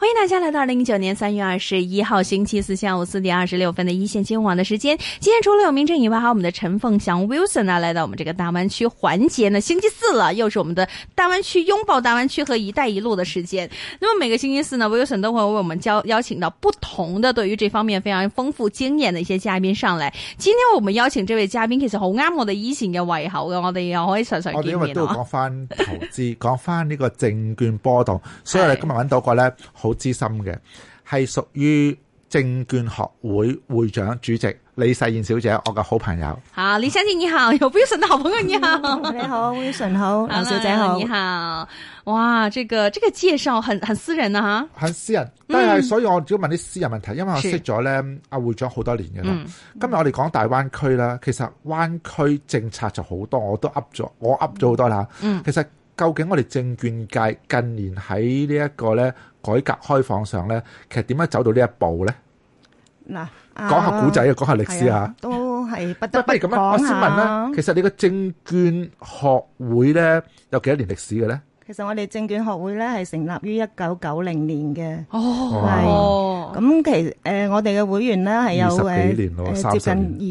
歡迎大家來到二零一九年三月二十一號星期四下午四點二十六分的一線金網的時間。今天除了有明正以外，還有我們的陳鳳翔 Wilson 呢、啊、來到我們這個大灣區環節呢。星期四了，又是我們的大灣區擁抱大灣區和“一帶一路”的時間。那麼每個星期四呢，Wilson 都會為我們邀邀請到不同的對於這方面非常豐富經驗的一些嘉賓上來。今天我們邀請這位嘉賓，其實好啱我的一線嘅胃口，我哋又可以常常見面。我哋都會講翻投資， 講翻呢個證券波動，所以今日揾到個呢。好知心嘅係屬於證券學會會長主席李細燕小姐，我嘅好朋友。好，李小姐你好，啊、有 Wilson 嘅好朋友你好。嗯、你好 Wilson 好，李、啊、小姐好，你好。哇，這個這個介紹很很私人啊，哈，很私人。但嗯，所以我只要問啲私人問題，嗯、因為我識咗咧阿會長好多年嘅啦。嗯、今日我哋講大灣區啦，其實灣區政策就好多，我都 u p d 我 u p 咗好多啦。嗯，其實究竟我哋證券界近年喺呢一個咧？改革開放上咧，其實點樣走到呢一步咧？嗱，講下古仔啊，講下歷史啊。都係不得不講。不如咁樣，我先問啦。其實你個證券學會咧有幾多年歷史嘅咧？其實我哋證券學會咧係成立於一九九零年嘅。哦，係。咁其誒、呃，我哋嘅會員咧係有誒接近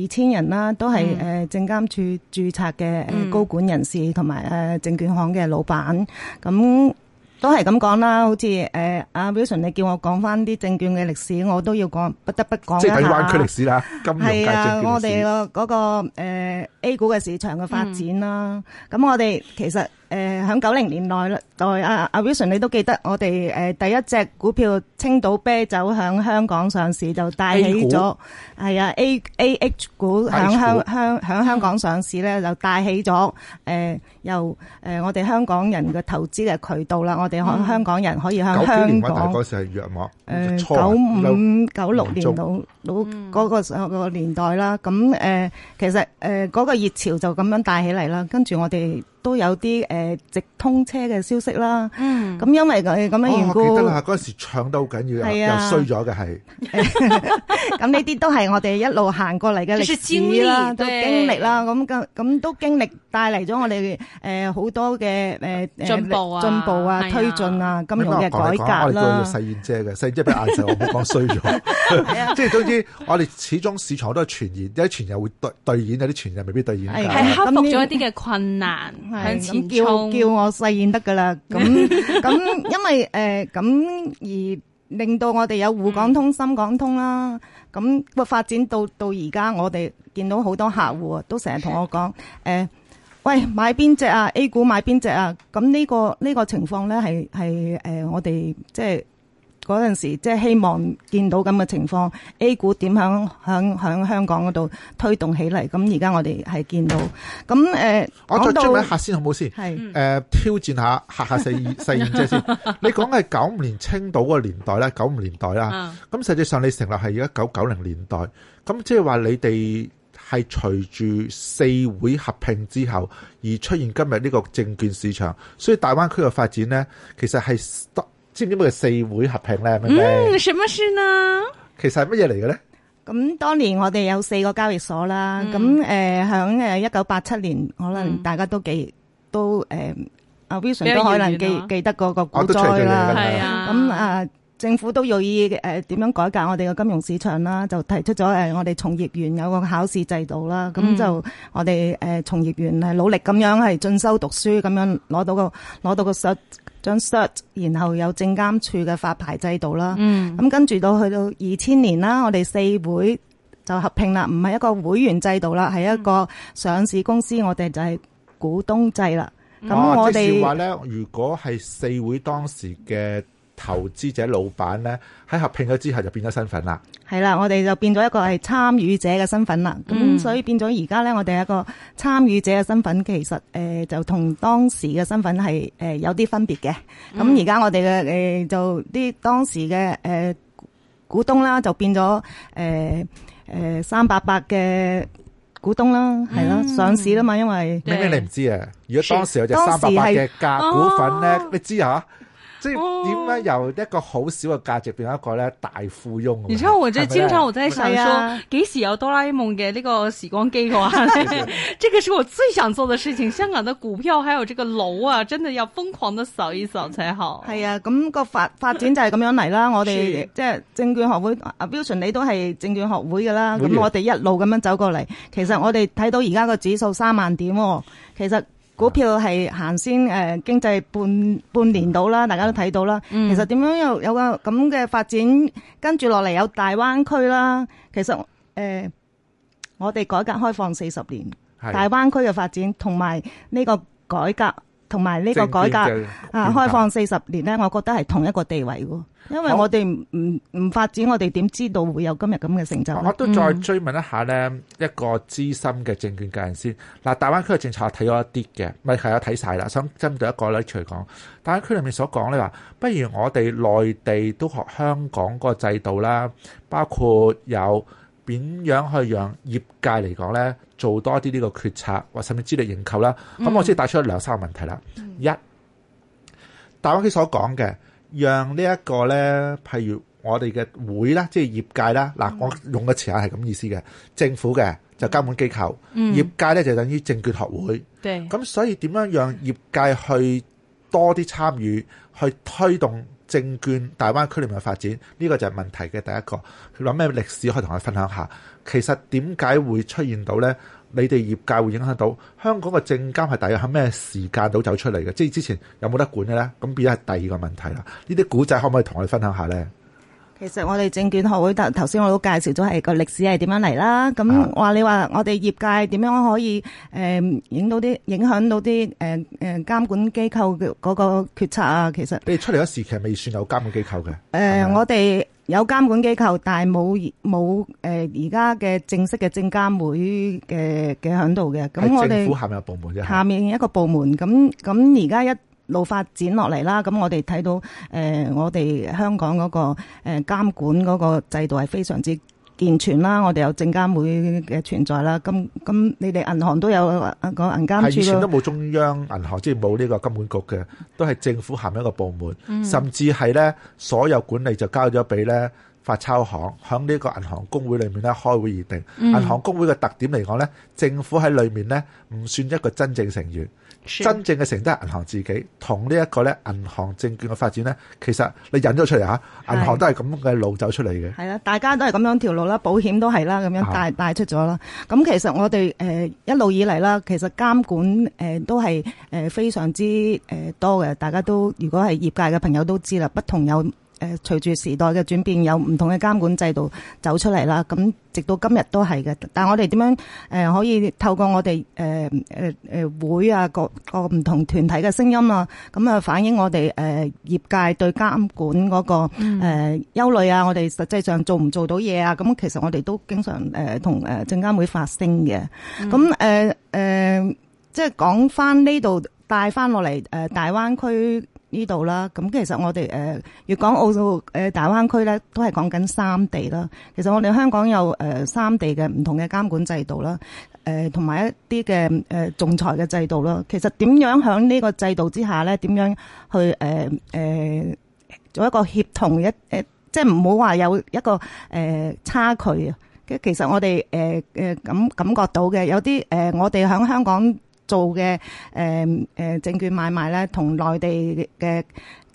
二千人啦，都係誒、嗯、證監處註冊嘅誒高管人士同埋誒證券行嘅老闆咁。那都係咁講啦，好似誒，阿、呃、Wilson 你叫我講翻啲證券嘅歷史，我都要講，不得不講啦吓。即係大灣區歷史啦，金融界證券史。是啊，我哋、那個嗰個誒 A 股嘅市場嘅發展啦。咁、嗯、我哋其實。誒，響九零年代咧，代阿阿 Wilson，你都記得我哋誒第一隻股票青島啤酒響香港上市就帶起咗係啊 A A H 股響香香響香港上市咧，就帶起咗誒，由誒我哋香港人嘅投資嘅渠道啦。我哋可香港人可以向香港九幾年啊，大概是係約莫誒九五九六年度嗰個嗰個年代啦。咁誒，其實誒嗰個熱潮就咁樣帶起嚟啦。跟住我哋。都有啲誒直通車嘅消息啦，咁因為佢咁樣緣故，我記得啦，嗰陣時搶得好緊要，又衰咗嘅係，咁呢啲都係我哋一路行過嚟嘅歷史啦，都經歷啦。咁咁都經歷帶嚟咗我哋誒好多嘅誒進步啊，進步啊，推進啊，金融嘅改革啦。細燕姐嘅細燕姐俾眼成我冇講衰咗，即係總之我哋始終市場都係傳言，啲傳又會兌兌現，有啲傳又未必兌現。係克服咗一啲嘅困難。係咁叫叫我細燕得噶啦，咁咁 因為誒咁、呃、而令到我哋有滬港通、深港通啦，咁個發展到到而家，我哋見到好多客戶都成日同我講，誒、 欸，喂，買邊隻啊？A 股買邊隻啊？咁呢、這個呢、這個情況咧，係係誒，我哋即係。嗰陣時，即係希望見到咁嘅情況，A 股點樣響響響香港嗰度推動起嚟。咁而家我哋係見到，咁誒，呃、我再追問一下先好唔好先？係挑戰下下下細細燕姐先。你講係九五年青島個年代咧，九五年代啦咁 實際上你成立係一九九零年代，咁即係話你哋係隨住四會合併之後而出現今日呢個證券市場。所以大灣區嘅發展呢，其實係得。知唔知咩叫四會合併咧？嗯，算乜算啊？其實係乜嘢？嚟嘅咧？咁當年我哋有四個交易所啦。咁誒、嗯，響誒一九八七年，可能大家都記、嗯、都誒阿、呃、Vision、嗯、都可能記記得嗰個股災啦。係、嗯、啊。咁啊、呃，政府都有意誒點樣改革我哋嘅金融市場啦？就提出咗誒、呃，我哋從業員有個考試制度啦。咁、嗯、就我哋誒從業員係努力咁樣係進修讀書，咁樣攞到個攞到個實。將 start 然後有證監處嘅發牌制度啦。咁、嗯、跟住到去到二千年啦，我哋四會就合併啦，唔係一個會員制度啦，係一個上市公司，我哋就係股東制啦。咁、嗯、我哋話咧，如果係四會當時嘅。投資者老闆咧，喺合併咗之後就變咗身份啦，係啦，我哋就變咗一個係參與者嘅身份啦。咁、嗯、所以變咗而家咧，我哋一個參與者嘅身份其實誒、呃、就同當時嘅身份係誒、呃、有啲分別嘅。咁而家我哋嘅誒就啲當時嘅誒、呃、股東啦，就變咗誒誒三八八嘅股東啦，係咯、嗯，上市啦嘛，因為咩咩對你唔知啊？如果當時有隻三八八嘅價股份咧，哦、你知嚇、啊？即係點樣由一個好少嘅價值變一個咧大富翁？而且我最經常我在想啊幾時有哆啦 A 夢嘅呢個時光機嘅話，這個是我最想做的事情。香港的股票還有這個樓啊，真的要瘋狂的掃一掃才好。係 啊，咁個發發展就係咁樣嚟啦。我哋即係證券學會啊，標辰你都係證券學會噶啦。咁我哋一路咁樣走過嚟，其實我哋睇到而家個指數三萬點，哦，其實。股票係行先，誒經濟半半年到啦，大家都睇到啦。其實點樣又有個咁嘅發展，跟住落嚟有大灣區啦。其實誒、呃、我哋改革開放四十年，是的 大灣區嘅發展同埋呢個改革。同埋呢個改革啊，開放四十年咧，我覺得係同一個地位喎，因為我哋唔唔發展，啊、我哋點知道會有今日咁嘅成就？我都再追問一下咧，一個資深嘅證券界人先嗱、嗯啊，大灣區嘅政策我睇咗一啲嘅，咪係啊睇晒啦。想針對一個咧，除講大灣區裏面所講咧話，不如我哋內地都學香港個制度啦，包括有。點樣去讓業界嚟講呢？做多啲呢個決策，或甚至資力認購啦？咁、嗯、我先帶出兩三個問題啦。嗯、一，大灣區所講嘅，讓呢一個呢，譬如我哋嘅會啦，即係業界啦。嗱、嗯啊，我用嘅詞眼係咁意思嘅，政府嘅就監管機構，嗯、業界呢就等於證券學會。咁、嗯、所以點樣讓業界去多啲參與，嗯、去推動？證券大灣區裡面嘅發展，呢個就係問題嘅第一個。佢諗咩歷史可以同我哋分享下？其實點解會出現到呢？你哋業界會影響到香港嘅證監係大約喺咩時間度走出嚟嘅？即係之前有冇得管嘅呢？咁變咗係第二個問題啦。呢啲古仔可唔可以同我哋分享下呢？其實我哋證券學會頭先我都介紹咗係個歷史係點樣嚟啦，咁話你話我哋業界點樣可以誒、嗯、影響到啲、影響到啲誒誒監管機構嘅嗰個決策啊？其實你出嚟嗰時期未算有監管機構嘅，誒、呃、我哋有監管機構，但係冇冇誒而家嘅正式嘅證監會嘅嘅響度嘅，咁我哋政府下面有部門啫，下面一個部門，咁咁而家一。路發展落嚟啦，咁我哋睇到誒，我哋香港嗰個誒監管嗰個制度係非常之健全啦，我哋有證監會嘅存在啦，咁咁你哋銀行都有個銀監處。係以前都冇中央銀行，即係冇呢個金管局嘅，都係政府下一個部門，甚至係咧所有管理就交咗俾咧，發鈔行響呢個銀行公會裏面咧開會而定，銀、嗯、行公會嘅特點嚟講咧，政府喺裏面咧唔算一個真正成員，是真正嘅成員都係銀行自己。同呢一個咧，銀行證券嘅發展咧，其實你引咗出嚟吓、啊，銀行都係咁嘅路走出嚟嘅。係啦，大家都係咁樣條路啦，保險都係啦，咁樣帶帶出咗啦。咁其實我哋誒、呃、一路以嚟啦，其實監管誒、呃、都係誒、呃、非常之誒、呃、多嘅。大家都如果係業界嘅朋友都知啦，不同有。誒，隨住時代嘅轉變，有唔同嘅監管制度走出嚟啦。咁直到今日都係嘅。但係我哋點樣誒、呃，可以透過我哋誒誒誒會啊，各各唔同團體嘅聲音啊，咁啊反映我哋誒、呃、業界對監管嗰、個誒憂慮啊，我哋實際上做唔做到嘢啊？咁其實我哋都經常誒同誒證監會發聲嘅。咁誒誒，即係講翻呢度帶翻落嚟誒大灣區。呢度啦，咁其實我哋誒粵港澳誒大灣區咧，都係講緊三地啦。其實我哋香港有誒三地嘅唔同嘅監管制度啦，誒同埋一啲嘅誒仲裁嘅制度啦。其實點樣喺呢個制度之下咧，點樣去誒、呃、做一個協同一誒，即係唔好話有一個誒差距啊。其實我哋誒誒感感覺到嘅有啲誒，我哋喺香港。做嘅誒誒證券買賣咧，同內地嘅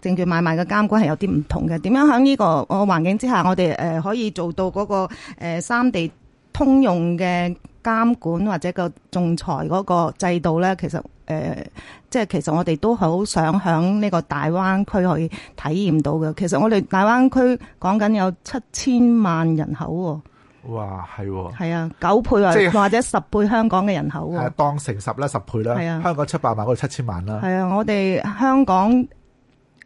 證券買賣嘅監管係有啲唔同嘅。點樣喺呢個環境之下，我哋、呃、可以做到嗰、嗰個、呃、三地通用嘅監管或者個仲裁嗰個制度咧？其實誒、呃，即係其實我哋都好想喺呢個大灣區可以體驗到嘅。其實我哋大灣區講緊有七千萬人口喎、哦。哇，係喎！係啊，九倍或、就是、或者十倍香港嘅人口喎，係啊，當成十啦，十倍啦。係啊，香港七百萬，或者七千萬啦。係啊，我哋香港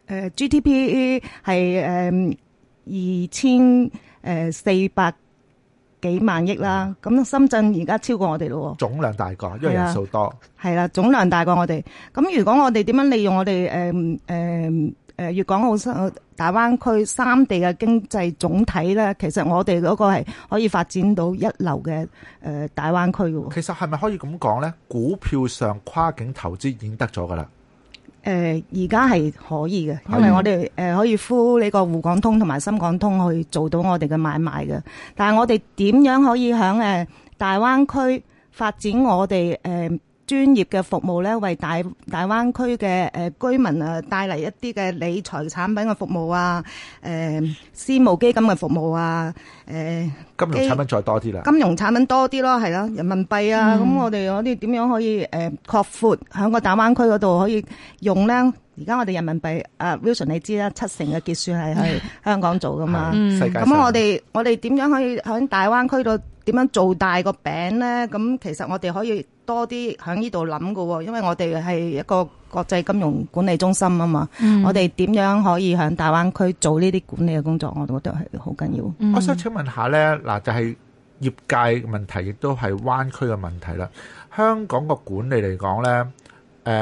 誒 GDP 係誒二千誒四百幾萬億啦。咁的深圳而家超過我哋咯。總量大過，因為人數多。係啦，總量大過我哋。咁如果我哋點樣利用我哋誒誒？呃呃誒、呃、粵港澳大灣區三地嘅經濟總體咧，其實我哋嗰個係可以發展到一流嘅誒、呃、大灣區嘅。其實係咪可以咁講咧？股票上跨境投資已經得咗噶啦。誒、呃，而家係可以嘅，的因為我哋誒、呃、可以呼呢個滬港通同埋深港通去做到我哋嘅買賣嘅。但係我哋點樣可以喺誒、呃、大灣區發展我哋誒。呃專業嘅服務咧，為大大灣區嘅誒居民啊，帶嚟一啲嘅理財產品嘅服務啊，誒、呃、私募基金嘅服務啊，誒、呃、金融產品再多啲啦，金融產品多啲咯，係咯，人民幣啊，咁、嗯、我哋嗰啲點樣可以誒擴、呃、闊喺個大灣區嗰度可以用咧？而家我哋人民幣啊，Wilson 你知啦，七成嘅結算係喺香港做㗎嘛，咁 我哋我哋點樣可以喺大灣區度？點樣做大個餅呢，咁其實我哋可以多啲喺呢度諗噶，因為我哋係一個國際金融管理中心啊嘛。嗯、我哋點樣可以喺大灣區做呢啲管理嘅工作？我覺得係好緊要。嗯、我想請問下呢，嗱就係、係、業界問題，亦都係灣區嘅問題啦。香港個管理嚟講呢。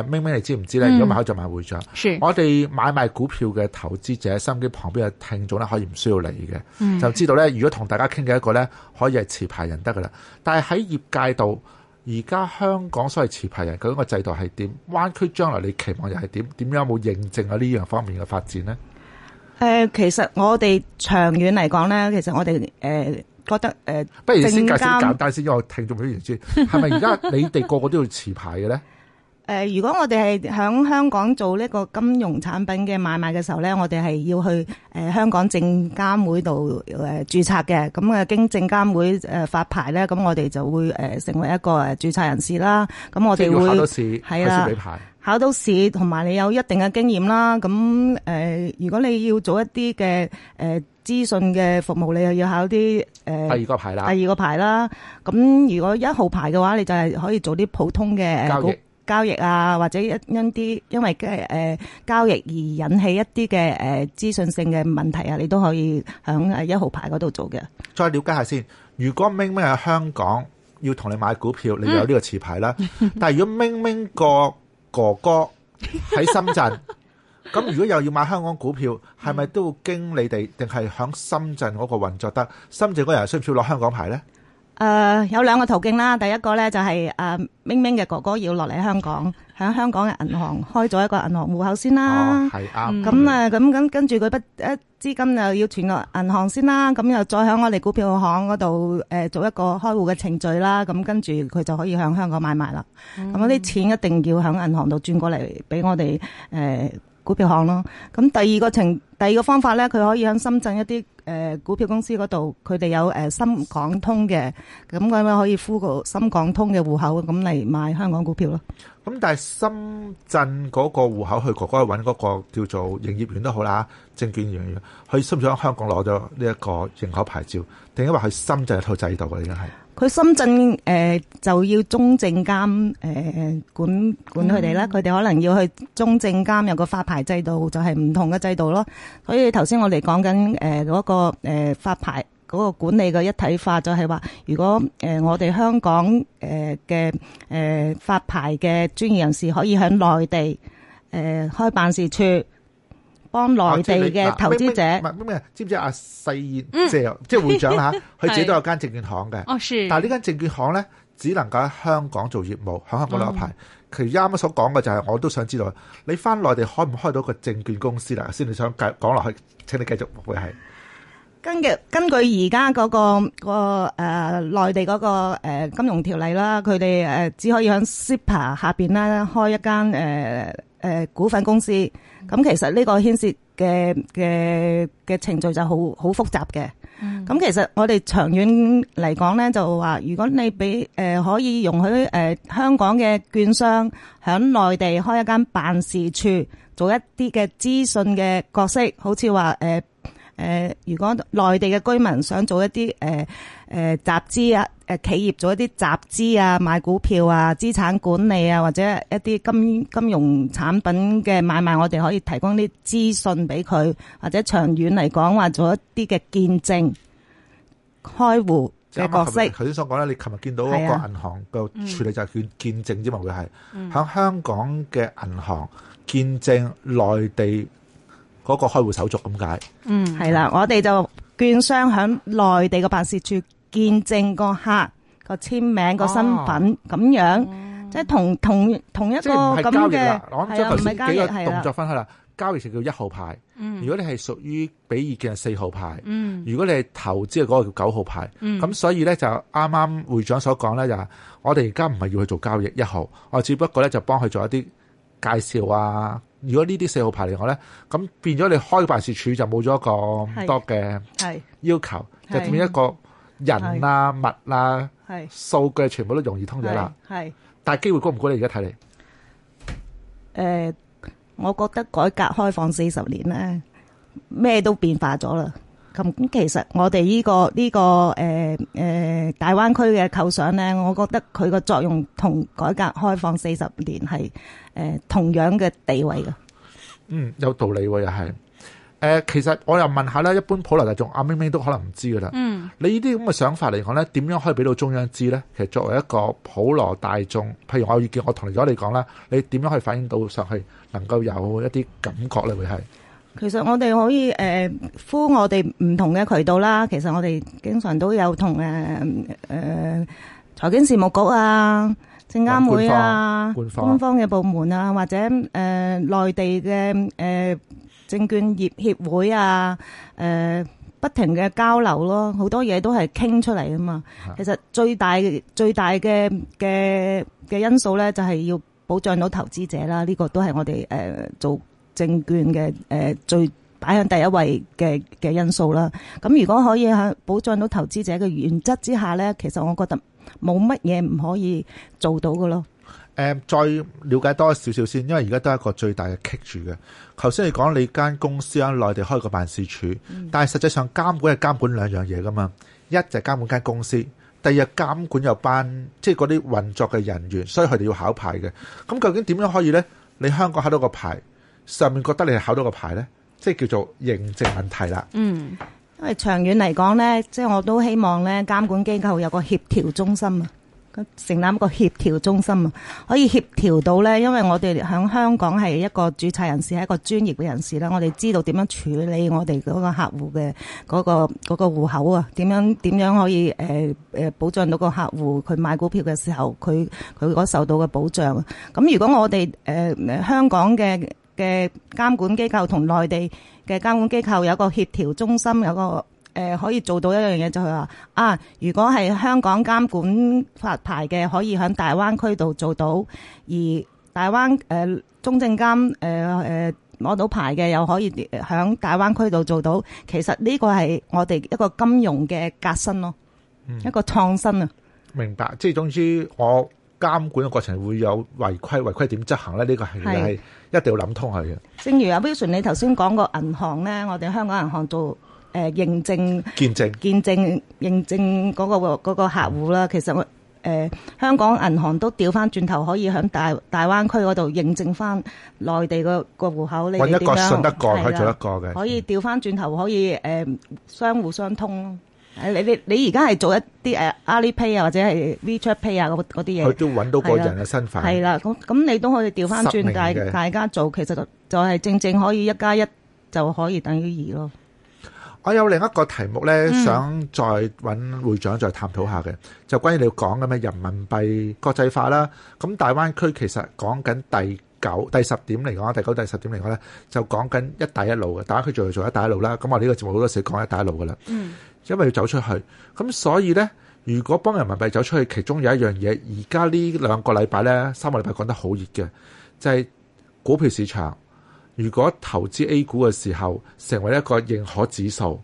明明你知唔知咧？如果咪可以做埋會長，帳是我哋買賣股票嘅投資者，心機旁邊嘅聽眾咧，嗯，可以唔需要嚟嘅，就知道咧。如果同大家傾偈一個咧，可以係持牌人得噶啦。但係喺業界度，而家香港所謂持牌人佢嗰個制度係點？灣區將來你期望又係點？點樣有冇認證啊？呢樣方面嘅發展咧、呃。其實我哋長遠嚟講咧，其實我哋誒、呃、覺得誒，呃、不如先介紹簡單先，因為我聽眾非常之，係咪而家你哋個個都要持牌嘅咧？誒、呃，如果我哋係喺香港做呢個金融產品嘅買賣嘅時候咧，我哋係要去誒、呃、香港證監會度誒注冊嘅。咁啊經證監會誒發牌咧，咁我哋就會誒成為一個誒注冊人士啦。咁我哋會要考到試，啊、牌考到試同埋你有一定嘅經驗啦。咁誒、呃，如果你要做一啲嘅誒資訊嘅服務，你又要考啲誒、呃、第二個牌啦。第二個牌啦。咁如果一號牌嘅話，你就係可以做啲普通嘅交易交易啊，或者一因啲因為、呃、交易而引起一啲嘅誒資訊性嘅問題啊，你都可以喺一號牌嗰度做嘅。再了解下先，如果明明喺香港要同你買股票，你有呢個持牌啦。嗯、 但如果明明個哥哥喺深圳，咁 如果又要買香港股票，係咪 都要經你哋，定係響深圳嗰個運作得？深圳嗰人需唔需要攞香港牌呢？誒，uh, 有兩個途徑啦，第一個呢就係、是、誒、啊，明明嘅哥哥要落嚟香港，喺香港嘅銀行開咗一個銀行戶口先啦。係啱咁啊，咁咁、嗯、跟住佢一筆資金又要存落銀行先啦，咁又再喺我哋股票行嗰度誒做一個開戶嘅程序啦，咁跟住佢就可以喺香港買賣啦。咁嗰啲錢一定要喺銀行度轉過嚟俾我哋誒。呃股票行咯，咁第二個程第二個方法咧，佢可以喺深圳一啲誒、呃、股票公司嗰度，佢哋有誒、呃、深港通嘅，咁佢咪可以呼個深港通嘅戶口咁嚟買香港股票咯。咁、嗯、但係深圳嗰個戶口去，佢哥乖揾嗰個叫做營業員都好啦，證券營業員，去深圳香港攞咗呢一個認可牌照？定係因為佢深圳一套制度嘅，已經係。佢深圳誒、呃、就要中證監誒誒管管佢哋啦，佢哋、嗯、可能要去中證監有個發牌制度，就係、是、唔同嘅制度咯。所以頭先我哋講緊誒嗰個誒發牌嗰、那個管理嘅一體化，就係話，如果誒、呃、我哋香港誒嘅誒發牌嘅專業人士可以喺內地誒、呃、開辦事處。當內地嘅投資者，唔係咩？知唔知阿細燕，即係會長吓？佢、啊、 自己都有間證券行嘅。哦，是。但係呢間證券行咧，只能夠喺香港做業務，響香港攞牌。佢啱啱、嗯、所講嘅就係、是，我都想知道你翻內地開唔開到個證券公司啦？先你想繼講落去，請你繼續會係。根據根據而家嗰個、那個誒內、呃、地嗰、那個誒、呃、金融條例啦，佢哋誒只可以響 SIPA 下邊咧開一間誒誒股份公司。咁其實呢個牽涉嘅嘅嘅程序就好好複雜嘅。咁、嗯、其實我哋長遠嚟講咧，就話如果你俾、呃、可以容許、呃、香港嘅券商喺內地開一間辦事處，做一啲嘅資訊嘅角色，好似話、呃呃、如果內地嘅居民想做一啲呃呃集資啊。誒，企業做一啲集資啊、買股票啊、資產管理啊，或者一啲金金融產品嘅買賣，我哋可以提供啲資訊俾佢，或者長遠嚟講，話做一啲嘅見證開戶嘅角色。頭先所講啦，你琴日見到嗰個銀行嘅處理就係叫見證啫嘛，會係響香港嘅銀行見證內地嗰個開戶手續咁解。嗯，係啦、嗯啊，我哋就券商響內地嘅辦事處。見證個客個簽名個身份咁、啊、樣，嗯、即係同同同一個咁嘅係啊，唔係交易係啦，交易就叫一號牌。嗯、如果你係屬於俾意見嘅四號牌，嗯、如果你係投資嘅嗰個叫九號牌，嗯，咁所以咧就啱啱會長所講咧就，我哋而家唔係要去做交易一號，我只不過咧就幫佢做一啲介紹啊。如果呢啲四號牌嚟我咧，咁變咗你開辦事處就冇咗一個咁多嘅係要求，就變一個。人啊、物啦、數據全部都容易通咗啦。係，係但係機會高唔高？你而家睇嚟？誒、呃，我覺得改革開放四十年咧，咩都變化咗啦。咁其實我哋依、呢個呢、呢個誒誒、呃呃、大灣區嘅構想咧，我覺得佢個作用同改革開放四十年係誒、呃、同樣嘅地位㗎。嗯，有道理喎、啊，又係。誒、呃，其實我又問下啦，一般普羅大眾阿明明都可能唔知噶啦。嗯，你呢啲咁嘅想法嚟講咧，點樣可以俾到中央知咧？其實作為一個普羅大眾，譬如我意見，我同咗你講啦，你點樣可以反映到上去，能夠有一啲感覺咧？會係，其實我哋可以誒、呃，呼我哋唔同嘅渠道啦。其實我哋經常都有同誒誒財經事務局啊、證監會啊官、官方嘅部門啊，或者誒內、呃、地嘅誒。呃證券業協會啊，誒、呃、不停嘅交流咯，好多嘢都係傾出嚟啊嘛。其實最大最大嘅嘅嘅因素咧，就係、是、要保障到投資者啦。呢、這個都係我哋誒、呃、做證券嘅誒、呃、最擺喺第一位嘅嘅因素啦。咁如果可以喺保障到投資者嘅原則之下咧，其實我覺得冇乜嘢唔可以做到噶咯。嗯、再了解多少少先，因為而家都係一個最大嘅棘住嘅。頭先你講你間公司喺內地開個辦事處，嗯、但係實際上監管係監管兩樣嘢噶嘛，一就係監管間公司，第二係監管有班即係嗰啲運作嘅人員，所以佢哋要考牌嘅。咁究竟點樣可以呢？你香港考到個牌，上面覺得你係考到個牌呢，即係叫做認證問題啦。嗯，因為長遠嚟講呢，即係我都希望呢監管機構有個協調中心啊。承擔個協調中心啊，可以協調到呢。因為我哋喺香港係一個註冊人士，係一個專業嘅人士啦。我哋知道點樣處理我哋嗰個客戶嘅嗰個嗰個戶口啊，點樣點樣可以誒誒保障到個客戶佢買股票嘅時候，佢佢嗰受到嘅保障。咁如果我哋誒香港嘅嘅監管機構同內地嘅監管機構有個協調中心，有個。誒、呃、可以做到一樣嘢就係、是、話啊！如果係香港監管發牌嘅，可以喺大灣區度做到；而大灣誒、呃、中證監誒誒攞到牌嘅，又可以喺大灣區度做到。其實呢個係我哋一個金融嘅革新咯，嗯、一個創新啊！明白，即係總之，我監管嘅過程會有違規，違規點執行咧？呢、這個係係一定要諗通係嘅。正如阿 Wilson 你頭先講個銀行咧，我哋香港銀行做。誒、啊、認證、見證、見證、認證嗰、那個那個客戶啦。嗯、其實我誒、呃、香港銀行都調翻轉頭，可以響大大灣區嗰度認證翻內地、那個個戶口。你揾一個信得過，的可以做一個嘅。嗯、可以調翻轉頭，可以誒、呃、相互相通咯。誒你你你而家係做一啲誒 Alipay 啊，或者係 WeChat Pay 啊嗰啲嘢。佢都揾到個人嘅身份。係啦，咁咁你都可以調翻轉大大家做，其實就就係正正可以一加一就可以等於二咯。我有另一個題目咧，想再揾會長再探討下嘅，就關於你要講嘅咩人民幣國際化啦。咁大灣區其實講緊第九、第十點嚟講，第九、第十點嚟講咧，就講緊一帶一路嘅，大灣區做就做一帶一路啦。咁我呢個節目好多時講一帶一路㗎啦，嗯，因為要走出去。咁所以咧，如果幫人民幣走出去，其中有一樣嘢，而家呢兩個禮拜咧，三個禮拜講得好熱嘅，就係股票市場。如果投資 A 股嘅時候，成為一個認可指數，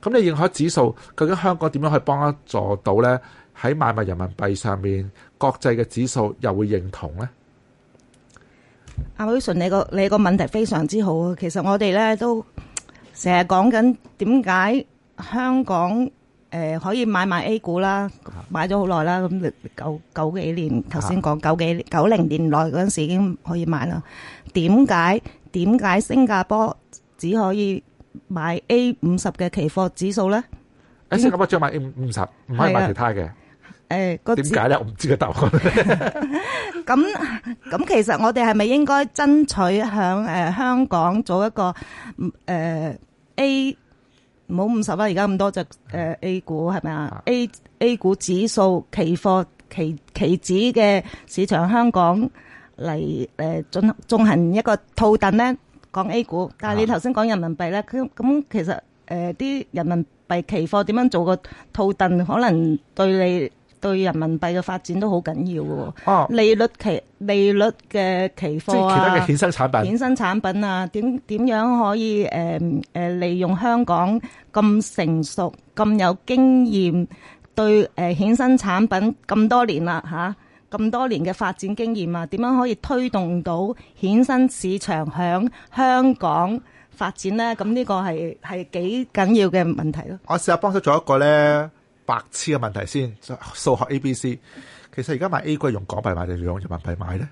咁你認可指數究竟香港點樣去幫助到咧？喺買賣人民幣上面，國際嘅指數又會認同咧？阿 Wilson，你個你個問題非常之好啊！其實我哋咧都成日講緊點解香港誒可以買賣 A 股啦，買咗好耐啦，咁你九九幾年頭先講九幾九零年代嗰陣時已經可以買啦，點解？點解新加坡只可以買 A 五十嘅期貨指數咧？喺新加坡只買 A 五十，唔可以買其他嘅。誒，點解咧？我唔知個答案。咁咁，其實我哋係咪應該爭取響誒香港做一個誒 A 唔好五十啦？而家咁多隻誒 A 股係咪啊？A A 股指數期貨期期指嘅市場，香港。嚟誒進行進行一個套戥咧，講 A 股。但係你頭先講人民幣咧，咁咁、啊、其實誒啲、呃、人民幣期貨點樣做個套戥，可能對你對人民幣嘅發展都好緊要嘅喎。哦、啊，利率期利率嘅期貨啊，即係其他嘅衍生產品。衍生產品啊，點點樣可以誒誒、呃、利用香港咁成熟、咁有經驗對誒、呃、衍生產品咁多年啦吓。啊咁多年嘅發展經驗啊，點樣可以推動到衍生市場響香港發展咧？咁呢個係係幾緊要嘅問題咯。我試下幫手做一個咧白痴嘅問題先，數學 A、B、C。其實而家買 A 股用港幣買定用人民幣買咧？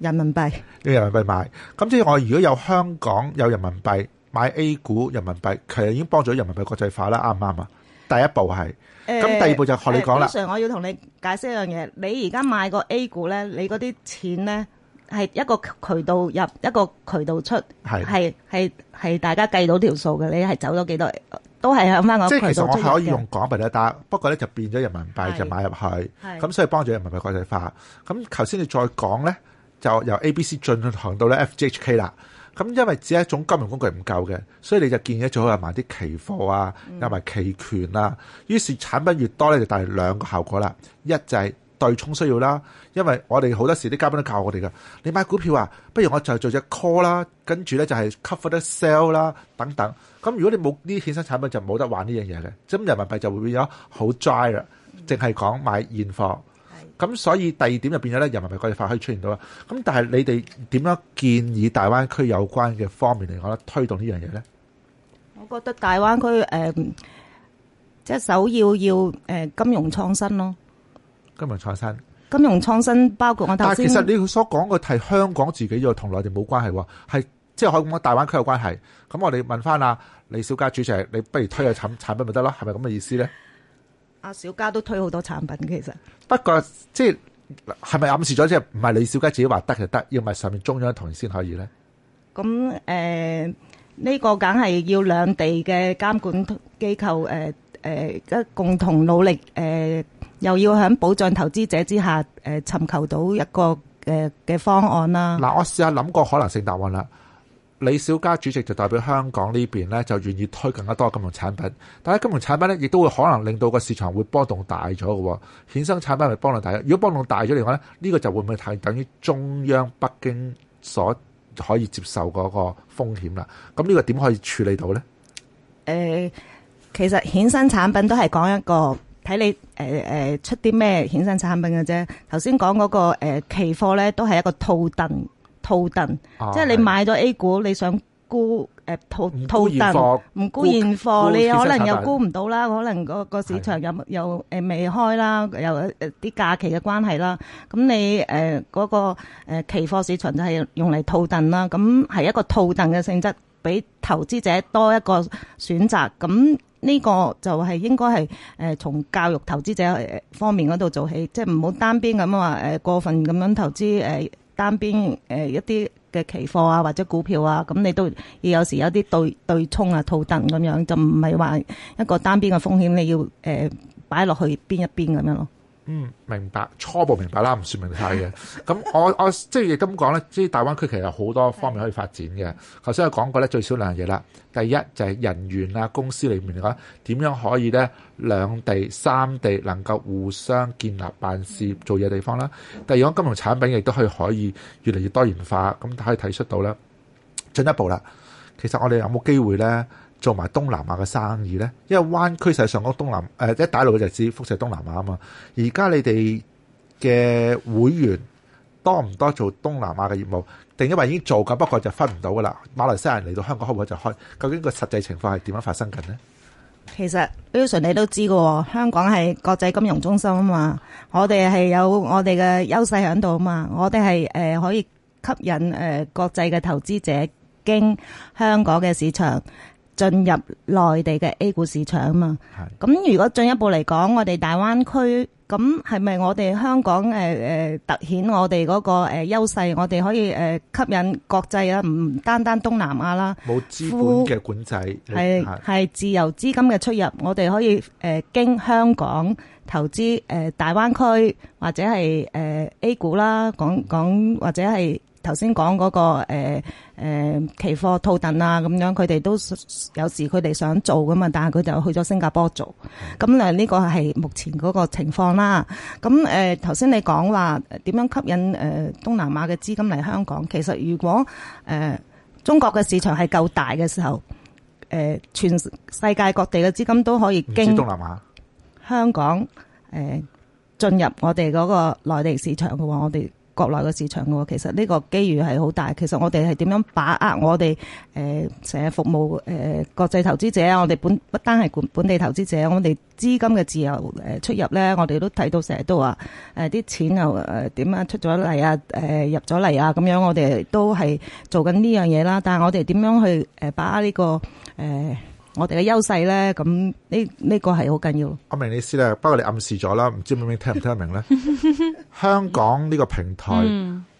人民幣用人民幣買，咁即係我如果有香港有人民幣買 A 股，人民幣，其實已經幫咗人民幣國際化啦，啱唔啱啊？第一步係，咁、欸、第二步就學你講啦。通常、欸、我要同你解釋一樣嘢，你而家買個 A 股咧，你嗰啲錢咧係一個渠道入，一個渠道出，係係係係大家計到條數嘅，你係走咗幾多，都係響翻個渠道出嘅。即係其實我可以用港幣都得，不過咧就變咗人民幣就買入去，咁所以幫助人民幣國際化。咁頭先你再講咧，就由 A、B、C 進行到咧 F、G、H、K 啦。咁因為只係一種金融工具唔夠嘅，所以你就建議最好係買啲期貨啊，又埋期權啊。於是產品越多咧，就帶嚟兩個效果啦。一就係對沖需要啦，因為我哋好多時啲嘉賓都教我哋㗎。你買股票啊，不如我就做隻 call 啦、啊，跟住咧就係 cover the sell 啦、啊、等等。咁如果你冇呢啲衍生產品就冇得玩呢樣嘢嘅，咁人民幣就會變咗好 dry 啦，淨係講買現貨。咁所以第二點就變咗咧，人民幣國際化可以出現到啦。咁但係你哋點樣建議大灣區有關嘅方面嚟講咧，推動呢樣嘢咧？我覺得大灣區即係、呃就是、首要要、呃、金融創新咯。金融創新，金融創新包括我但係其實你所講嘅係，香港自己又同內地冇關係喎，係即係可以講大灣區有關係。咁我哋問翻啊李細燕主席，你不如推下產產品咪得咯？係咪咁嘅意思咧？阿小加都推好多產品，其實不過即係咪暗示咗即係唔係李小加自己話得就得，要咪上面中央同意先可以咧？咁誒呢個梗係要兩地嘅監管機構誒一、呃呃、共同努力、呃、又要喺保障投資者之下尋、呃、求到一個嘅、呃、方案啦。嗱，我試下諗個可能性答案啦。李小加主席就代表香港呢邊呢，就願意推更加多金融產品，但係金融產品呢，亦都會可能令到個市場會波動大咗嘅、哦，衍生產品係咪波動大咗。如果波動大咗嚟講呢，呢、這個就會唔會睇等於中央北京所可以接受嗰個風險啦？咁呢個點可以處理到呢？誒、呃，其實衍生產品都係講一個睇你誒誒、呃、出啲咩衍生產品嘅啫。頭先講嗰個誒、呃、期貨呢，都係一個套戥。套戥，啊、即係你買咗 A 股，你想沽誒、呃、套套戥，唔沽現貨，現貨沽你可能又沽唔到啦。可能嗰個市場又是的 又誒、呃、未開啦，又誒啲、呃、假期嘅關係啦。咁你誒嗰、呃那個誒、呃、期貨市場就係用嚟套戥啦。咁係一個套戥嘅性質，俾投資者多一個選擇。咁呢個就係應該係誒從教育投資者方面嗰度做起，即係唔好單邊咁話誒過分咁樣投資誒。呃單邊誒、呃、一啲嘅期貨啊或者股票啊，咁你都要有時有啲對對沖啊套戥咁樣，就唔係話一個單邊嘅風險，你要誒擺落去邊一邊咁樣咯。嗯，明白，初步明白啦，唔算明太嘅。咁 我我即係咁講咧，即係大灣區其實好多方面可以發展嘅。頭先我講過咧，最少兩樣嘢啦。第一就係人員啊，公司裏面嚟講，點樣可以咧兩地三地能夠互相建立辦事做嘢地方啦。第二，講金融產品亦都係可以越嚟越多元化。咁可以睇出到咧進一步啦。其實我哋有冇機會咧？做埋東南亞嘅生意呢，因為灣區世上嗰東南誒一打落你就知輻射東南亞啊、呃、嘛。而家你哋嘅會員多唔多做東南亞嘅業務？定因為已經做緊，不過就分唔到噶啦。馬來西亞人嚟到香港開會就開，究竟個實際情況係點樣發生緊呢？其實，Bosun 你都知嘅喎，香港係國際金融中心啊嘛。我哋係有我哋嘅優勢喺度啊嘛。我哋係誒可以吸引誒國際嘅投資者經香港嘅市場。進入內地嘅 A 股市場啊嘛，咁如果進一步嚟講，我哋大灣區咁係咪我哋香港誒誒凸顯我哋嗰、那個誒優勢？我哋可以誒、呃、吸引國際啦，唔單單東南亞啦，冇資本嘅管制，係係富是自由資金嘅出入，我哋可以誒、呃、經香港投資誒、呃、大灣區或者係誒、呃、A 股啦，講講或者係。頭先講嗰個誒誒期貨套戥啊，咁樣佢哋都有時佢哋想做噶嘛，但係佢就去咗新加坡做，咁誒呢個係目前嗰個情況啦。咁誒頭先你講話點樣吸引誒、呃、東南亞嘅資金嚟香港，其實如果誒、呃、中國嘅市場係夠大嘅時候，誒、呃、全世界各地嘅資金都可以經東南亞、香港誒進入我哋嗰個內地市場嘅話，我哋。國內嘅市場嘅喎，其實呢個機遇係好大。其實我哋係點樣把握我哋誒成日服務誒、呃、國際投資者啊？我哋本不單係本本地投資者，我哋資金嘅自由誒、呃、出入咧，我哋都睇到成日都話誒啲錢又誒點啊出咗嚟啊誒入咗嚟啊咁樣，我哋都係做緊呢樣嘢啦。但係我哋點樣去誒把握呢、呢個誒？呃我哋嘅優勢咧，咁呢呢個係好緊要。我明你意思咧，不過你暗示咗啦，唔知明唔明聽唔聽得明咧？香港呢個平台，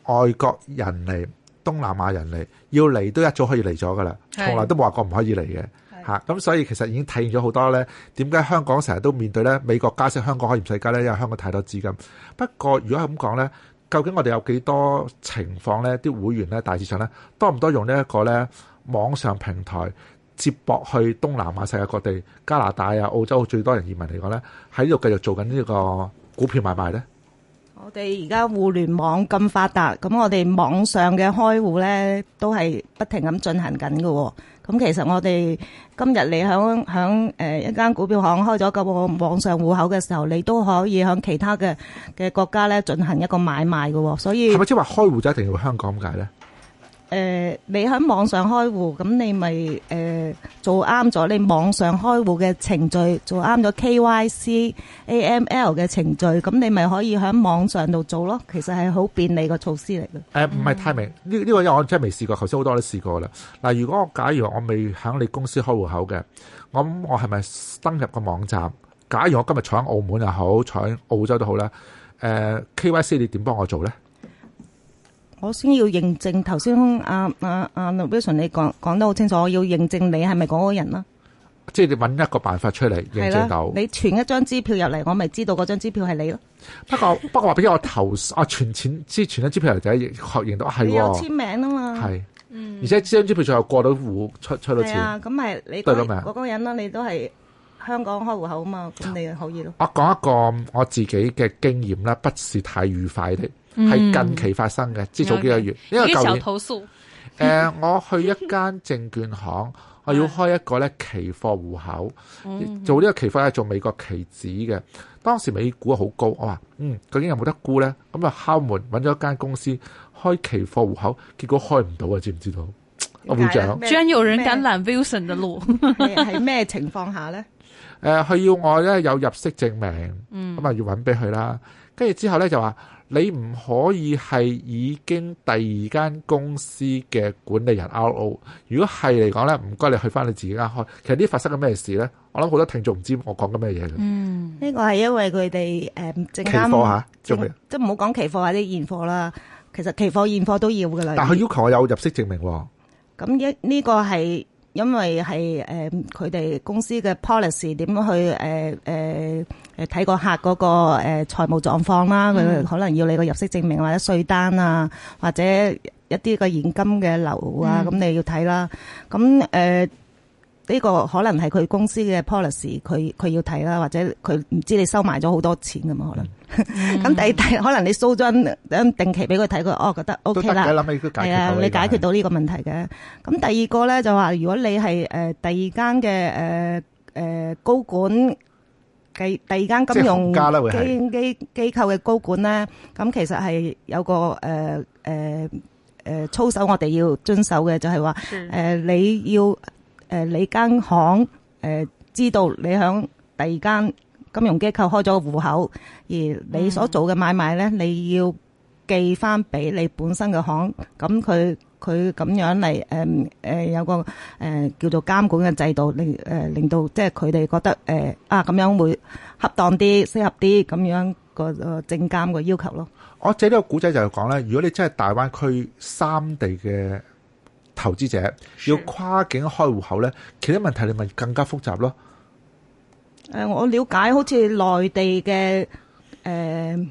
外國人嚟，東南亞人嚟，要嚟都一早可以嚟咗噶啦，從來都冇話過唔可以嚟嘅。吓，咁所以其實已經體現咗好多咧。點解香港成日都面對咧美國加息，香港可以唔使加咧？因為香港太多資金。不過如果係咁講咧，究竟我哋有幾多情況咧？啲會員咧，大致上咧，多唔多用呢一個咧網上平台？接駁去東南亞、世界各地、加拿大啊、澳洲最多人移民嚟講咧，喺度繼續做緊呢個股票買賣咧。我哋而家互聯網咁發達，咁我哋網上嘅開戶咧都係不停咁進行緊嘅。咁其實我哋今日你響響誒一間股票行開咗個網上戶口嘅時候，你都可以響其他嘅嘅國家咧進行一個買賣嘅。所以係咪即係話開戶就一定要香港咁解咧？誒，你喺網上開戶，咁你咪誒做啱咗？你網上開戶嘅程序做啱咗 KYC AML 嘅程序，咁你咪可以喺網上度做咯。其實係好便利嘅措施嚟嘅。誒，唔係太明呢？呢個因為我真係未試過。頭先好多都試過啦。嗱，如果假如我未喺你公司開戶口嘅，咁我係咪登入個網站？假如我今日坐喺澳門又好，坐喺澳洲都好啦。誒，KYC 你點幫我做咧？我先要認證剛才、啊，頭先阿阿阿 Louisson 你講,講得好清楚，我要認證你係咪嗰個人啦、啊。即係你揾一個辦法出嚟認證到的。就你存一張支票入嚟，我咪知道嗰張支票係你咯。不過 不過話俾我投我存錢之存一張支票就係確認到係。有簽名啊嘛。係，嗯，而且支張支票仲有過到戶出出到錢。咁咪你嗰嗰個人咯、啊，你都係香港開戶口啊嘛，咁你可以咯。我講一個我自己嘅經驗啦，不是太愉快的。係近期發生嘅，即係早幾個月。呢個舊年，誒、呃，我去一間證券行， 我要開一個咧期貨戶口， 做呢個期貨咧做美國期指嘅。當時美股啊好高，我話嗯，究竟有冇得沽咧？咁啊敲門揾咗一間公司開期貨戶口，結果開唔到啊！知唔知道？我會長，John Ryan Lawson 嘅路係咩 情況下咧？誒、呃，佢要我咧有入息證明，咁啊、嗯、要揾俾佢啦。跟住之後咧就話。你唔可以係已經第二間公司嘅管理人 r o 如果係嚟講咧，唔該你去翻你自己間開。其實呢發生緊咩事咧？我諗好多聽眾唔知我講緊咩嘢嘅。嗯，呢個係因為佢哋誒證監唔做咩？即係唔好講期貨或者現貨啦，其實期貨現貨都要㗎啦。但佢要求我有入息證明喎。咁一呢個係因為係誒佢哋公司嘅 policy 點樣去誒、呃呃誒，睇個客嗰個誒財務狀況啦，佢、嗯、可能要你個入息證明或者稅單啊，或者一啲個現金嘅流啊，咁、嗯、你要睇啦。咁誒呢個可能係佢公司嘅 policy，佢佢要睇啦，或者佢唔知道你收埋咗好多錢咁嘛可能。咁、嗯、 第第二、嗯、可能你蘇俊定期俾佢睇，佢哦覺得 OK 啦，諗係啊，你解決到呢個問題嘅。咁的第二個咧就話，如果你係誒、呃、第二間嘅誒誒高管。第二間金融機構嘅高管咧，咁其實係有一個、呃呃呃、操守，我哋要遵守嘅就係、是、話的、呃、你要誒、呃、你間行，呃、知道你響第二間金融機構開咗個戶口，而你所做嘅買賣咧，你要寄翻俾你本身嘅行，咁佢。佢咁樣嚟誒誒有個誒、呃、叫做監管嘅制度，令誒、呃、令到即係佢哋覺得誒、呃、啊咁樣會恰當啲、適合啲咁樣個誒證監嘅要求咯。我借呢個古仔就係講咧，如果你真係大灣區三地嘅投資者是要跨境開戶口咧，其他問題你咪更加複雜咯。誒、呃，我瞭解好似內地嘅誒、呃、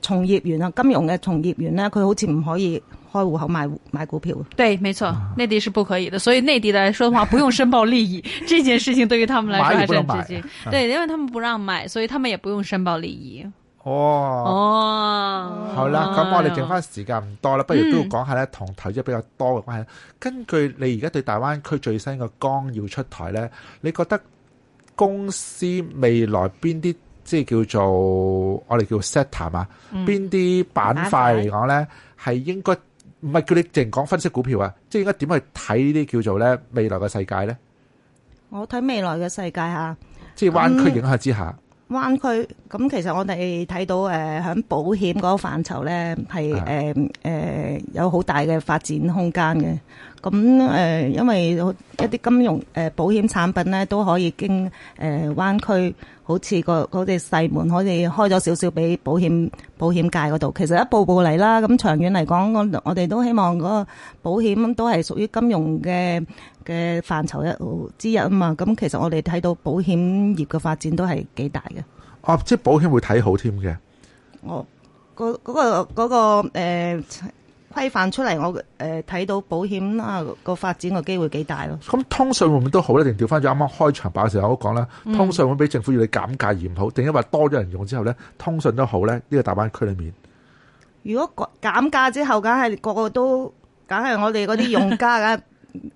從業員啊，金融嘅從業員咧，佢好似唔可以。開戶口買買股票，對，沒錯，內地是不可以的，所以內地來說的話，不用申報利益，這件事情對於他們來說還是很直接，對，因為他們不讓買，所以他們也不用申報利益。哦哦，好啦，咁我哋剩翻時間唔多啦，不如都要講下咧同投資比較多嘅關係。根據你而家對大灣區最新嘅綱要出台咧，你覺得公司未來邊啲即係叫做我哋叫 set up 啊，邊啲板塊嚟講咧係應該？唔係叫你淨講分析股票啊！即係應該點去睇呢啲叫做咧未來嘅世界咧？我睇未來嘅世界下，即係灣區影響之下。嗯、灣區。咁其實我哋睇到誒喺保險嗰個範疇咧係誒有好大嘅發展空間嘅。咁誒、嗯呃，因為一啲金融誒、呃、保險產品咧，都可以經誒、呃、灣區，好似個好似細門可以開咗少少俾保險保險界嗰度。其實一步步嚟啦，咁、嗯、長遠嚟講，我哋都希望嗰個保險都係屬於金融嘅嘅範疇一之一啊嘛。咁、嗯、其實我哋睇到保險業嘅發展都係幾大嘅。啊，即保險會睇好添嘅。我嗰、哦嗰個、嗰個嗰、呃規範出嚟，我誒睇、呃、到保險啊、個發展個機會幾大咯。咁通訊會唔會都好咧？定調翻咗啱啱開場白嘅時候我都講啦，通訊會俾政府要你減價而唔好，定因為多咗人用之後咧，通訊都好咧？呢、個大灣區裏面，如果減價之後，梗係個個都，梗係我哋嗰啲用家梗係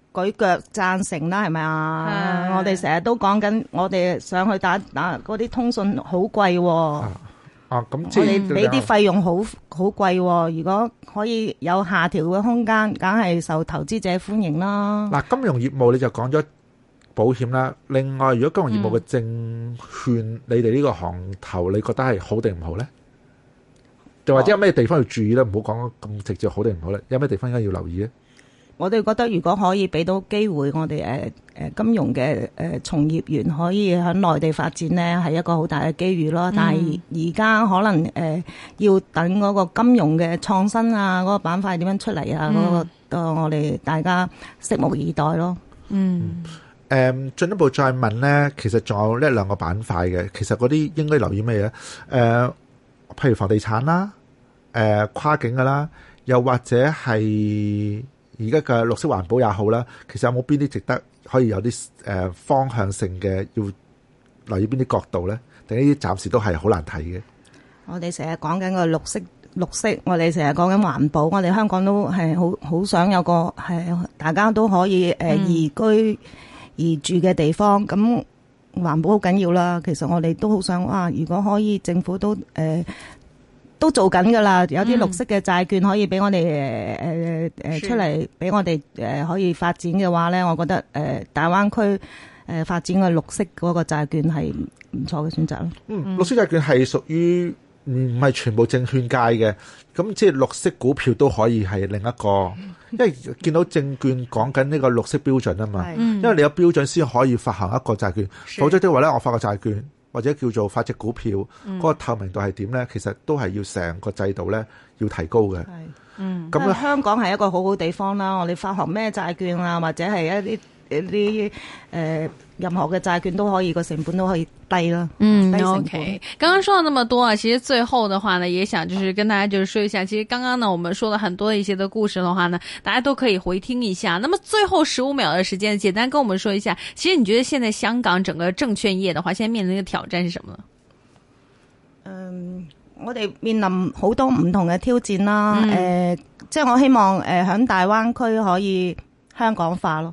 舉腳贊成啦，係咪啊？我哋成日都講緊，我哋上去打打嗰啲通訊好貴喎、啊。啊。啊，咁即係俾啲費用好好貴喎、哦！如果可以有下調嘅空間，梗係受投資者歡迎啦。嗱、啊，金融業務你就講咗保險啦。另外，如果金融業務嘅證券，嗯、你哋呢個行頭，你覺得係好定唔好咧？就或者有咩地方要注意咧？唔好講咁直接好定唔好咧。有咩地方應該要留意咧？我哋覺得如果可以俾到機會，我哋誒誒金融嘅誒從業員可以喺內地發展咧，係一個好大嘅機遇咯。嗯、但係而家可能誒要等嗰個金融嘅創新啊，嗰、嗰個板塊點樣出嚟啊？嗰、嗯嗰個我哋大家拭目以待咯、嗯。嗯，誒、um, 進一步再問咧，其實仲有呢兩個板塊嘅，其實嗰啲應該留意咩嘢？誒、uh，譬如房地產啦，誒、呃、跨境嘅啦，又或者係。而家嘅綠色環保也好啦，其實有冇邊啲值得可以有啲誒、呃、方向性嘅，要留意邊啲角度咧？定呢啲暫時都係好難睇嘅。我哋成日講緊個綠色，綠色我哋成日講緊環保，我哋香港都係好好想有個係大家都可以誒宜、呃、居而住嘅地方。咁環保好緊要啦，其實我哋都好想啊，如果可以，政府都誒。呃都做緊㗎啦，有啲綠色嘅債券可以俾我哋誒誒誒出嚟，俾我哋誒可以發展嘅話咧，我覺得誒大灣區誒發展個綠色嗰個債券係唔錯嘅選擇咯。嗯，綠色債券係屬於唔係全部證券界嘅，咁即係綠色股票都可以係另一個，因為見到證券講緊呢個綠色標準啊嘛，因為你有標準先可以發行一個債券，否則的話咧，我發個債券。或者叫做發隻股票，嗰、嗯、個透明度係點咧？其實都係要成個制度咧，要提高嘅。係，嗯。咁咧，香港係一個好好地方啦。我哋發行咩債券啊，或者係一啲。誒、呃，任何嘅債券都可以，個成本都可以低啦。嗯，O K。Okay. 剛剛說了那麼多啊，其實最後的話呢，也想就是跟大家就是說一下，其實剛剛呢，我們說了很多一些的故事的話呢，大家都可以回聽一下。那麼最後十五秒嘅時間，簡單跟我們說一下，其實你覺得現在香港整個證券業的話，現在面臨嘅挑戰是什麼？嗯、呃，我哋面臨好多唔同嘅挑戰啦。誒、嗯呃，即係我希望誒喺、呃、大灣區可以香港化咯。